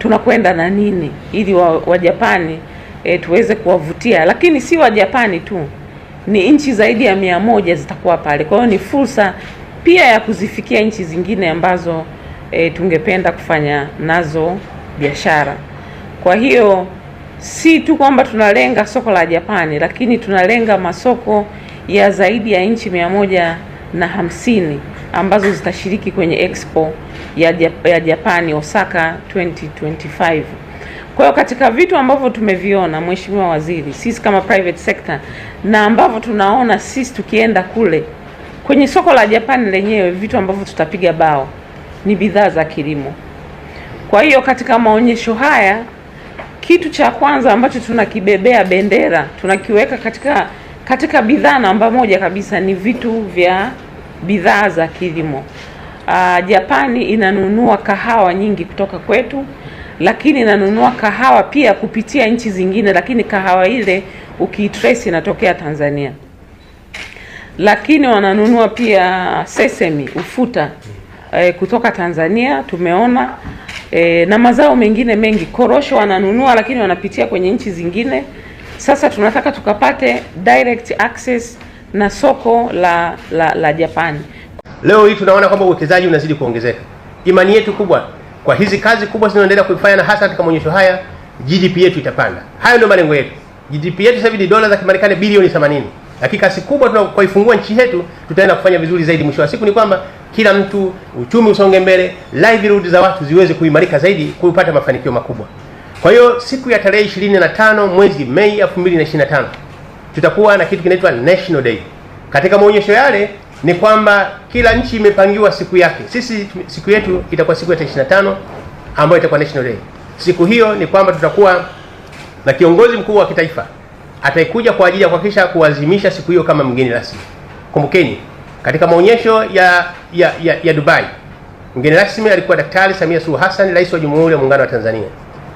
tunakwenda na nini ili Wajapani wa e, tuweze kuwavutia, lakini si Wajapani tu, ni nchi zaidi ya mia moja zitakuwa pale. Kwa hiyo ni fursa pia ya kuzifikia nchi zingine ambazo e, tungependa kufanya nazo biashara. Kwa hiyo si tu kwamba tunalenga soko la Japani, lakini tunalenga masoko ya zaidi ya nchi mia moja na hamsini ambazo zitashiriki kwenye expo ya, ya Japani Osaka 2025. Kwa hiyo katika vitu ambavyo tumeviona Mheshimiwa Waziri, sisi kama private sector na ambavyo tunaona sisi tukienda kule kwenye soko la Japani lenyewe, vitu ambavyo tutapiga bao ni bidhaa za kilimo. Kwa hiyo katika maonyesho haya, kitu cha kwanza ambacho tunakibebea bendera tunakiweka katika katika bidhaa namba moja kabisa ni vitu vya bidhaa za kilimo uh, Japani inanunua kahawa nyingi kutoka kwetu, lakini inanunua kahawa pia kupitia nchi zingine, lakini kahawa ile ukiitrace inatokea Tanzania. Lakini wananunua pia sesemi, ufuta eh, kutoka Tanzania tumeona e, na mazao mengine mengi, korosho wananunua, lakini wanapitia kwenye nchi zingine. Sasa tunataka tukapate direct access na soko la la, la Japani. Leo hii tunaona kwamba uwekezaji unazidi kuongezeka. Imani yetu kubwa kwa hizi kazi kubwa zinazoendelea kuifanya na hasa katika maonyesho haya, GDP yetu itapanda. Hayo ndio malengo yetu. GDP yetu sasa hivi ni dola za Kimarekani bilioni 80. Lakini kasi kubwa tunakoifungua nchi yetu, tutaenda kufanya vizuri zaidi. Mwisho wa siku ni kwamba kila mtu, uchumi usonge mbele, livelihood za watu ziweze kuimarika zaidi, kupata mafanikio makubwa. Kwa hiyo siku ya tarehe 25 mwezi Mei 2025 tutakuwa na kitu kinaitwa National Day. Katika maonyesho yale ni kwamba kila nchi imepangiwa siku yake. Sisi siku yetu itakuwa siku ya 25 ambayo itakuwa national day. Siku hiyo ni kwamba tutakuwa na kiongozi mkuu wa kitaifa ataikuja kwa ajili ya kuhakikisha kuadhimisha siku hiyo kama mgeni rasmi. Kumbukeni katika maonyesho ya ya, ya, ya Dubai mgeni rasmi alikuwa Daktari Samia Suluhu Hassan, rais wa Jamhuri ya Muungano wa Tanzania,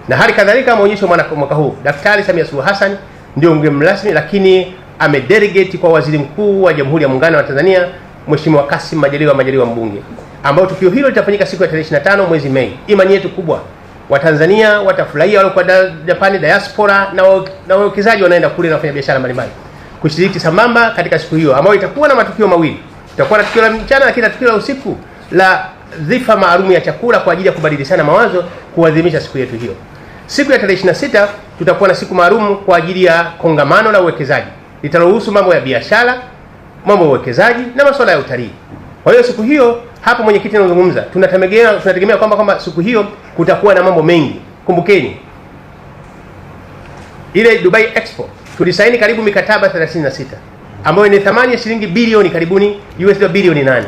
na hali kadhalika maonyesho mwaka huu Daktari Samia Suluhu Hassan ndio mgeni rasmi, lakini amedelegate kwa waziri mkuu wa Jamhuri ya Muungano wa Tanzania Mheshimiwa Kassim Majaliwa Majaliwa Mbunge, ambao tukio hilo litafanyika siku ya tarehe 25 mwezi Mei. Imani yetu kubwa Watanzania watafurahia, wale kwa da, Japani diaspora na wawekezaji wanaenda kule na wafanya biashara mbalimbali kushiriki sambamba katika siku hiyo ambayo itakuwa na matukio mawili. Itakuwa na tukio la mchana, lakini tukio la usiku la dhifa maalum ya chakula kwa ajili ya kubadilishana mawazo kuadhimisha siku yetu hiyo. Siku ya tarehe 26 tutakuwa na siku maalum kwa ajili ya kongamano la uwekezaji litaruhusu mambo ya biashara, mambo ya uwekezaji na masuala ya utalii. Kwa hiyo siku hiyo hapo mwenyekiti anazungumza, tunategemea tunategemea kwamba kwamba siku hiyo kutakuwa na mambo mengi. Kumbukeni ile Dubai Expo tulisaini karibu mikataba 36 ambayo ni thamani ya shilingi bilioni karibuni US bilioni 8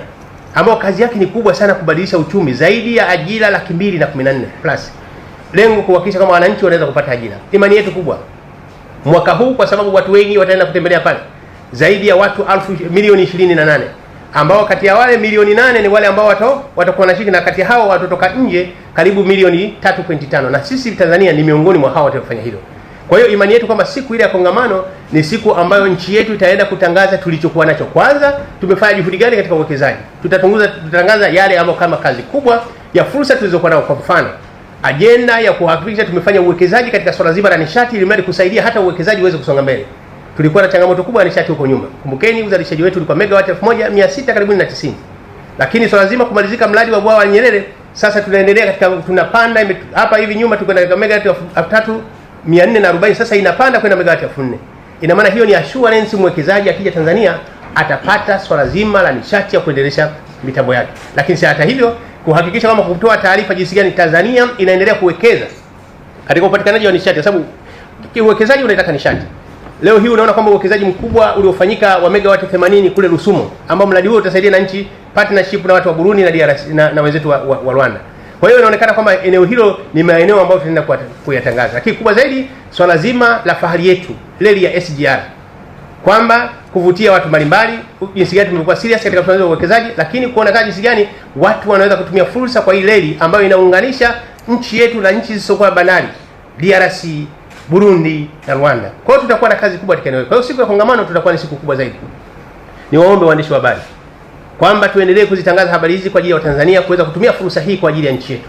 ambayo kazi yake ni kubwa sana kubadilisha uchumi, zaidi ya ajira laki mbili na kumi na nne plus lengo kuhakikisha kama wananchi wanaweza kupata ajira. Imani yetu kubwa mwaka huu, kwa sababu watu wengi wataenda kutembelea pale, zaidi ya watu alfu milioni ishirini na nane ambao kati ya wale milioni nane ni wale ambao watakuwa watakuwa na shiriki, na kati hao watotoka nje karibu milioni 3.5, na sisi Tanzania ni miongoni mwa hao watafanya hilo. Kwa hiyo imani yetu kwamba siku ile ya kongamano ni siku ambayo nchi yetu itaenda kutangaza tulichokuwa nacho. Kwanza tumefanya juhudi gani katika uwekezaji, tutatangaza yale ambayo kama kazi kubwa ya fursa tulizokuwa nayo. kwa mfano ajenda ya kuhakikisha tumefanya uwekezaji katika swala zima la nishati, ili mradi kusaidia hata uwekezaji uweze kusonga mbele. Tulikuwa na changamoto kubwa ya nishati huko nyuma. Kumbukeni uzalishaji wetu ulikuwa megawati 1600 karibu na 90, lakini swala zima kumalizika mradi wa bwawa la Nyerere, sasa tunaendelea katika tunapanda hapa hivi nyuma tulikuwa na megawati 3440 sasa inapanda kwenda megawati 4000. Ina maana hiyo ni assurance, mwekezaji akija Tanzania atapata swala zima la nishati ya kuendelesha mitambo yake, lakini hata hivyo kuhakikisha kwamba kutoa taarifa jinsi gani Tanzania inaendelea kuwekeza katika upatikanaji wa nishati, kwa sababu uwekezaji unaitaka nishati. Leo hii unaona kwamba uwekezaji mkubwa uliofanyika wa megawati 80 kule Rusumo, ambao mradi huo utasaidia na nchi partnership na watu wa Burundi na DRC na, na wenzetu wa, wa, wa Rwanda. Kwa hiyo inaonekana kwamba eneo hilo ni maeneo ambayo tunaenda kuyatangaza, lakini kubwa zaidi swala zima la fahari yetu reli ya SGR kwamba kuvutia watu mbalimbali, jinsi gani tumekuwa serious katika usimamizi wa uwekezaji, lakini kuona kama jinsi gani watu wanaweza kutumia fursa kwa hii reli ambayo inaunganisha nchi yetu na nchi zisizokuwa bandari DRC, Burundi na Rwanda. Kwa hiyo tutakuwa na kazi kubwa katika eneo hili. Kwa hiyo siku ya kongamano tutakuwa na siku kubwa zaidi. Niwaombe waandishi wa habari kwamba tuendelee kuzitangaza habari hizi kwa ajili ya Watanzania kuweza kutumia fursa hii kwa ajili ya nchi yetu.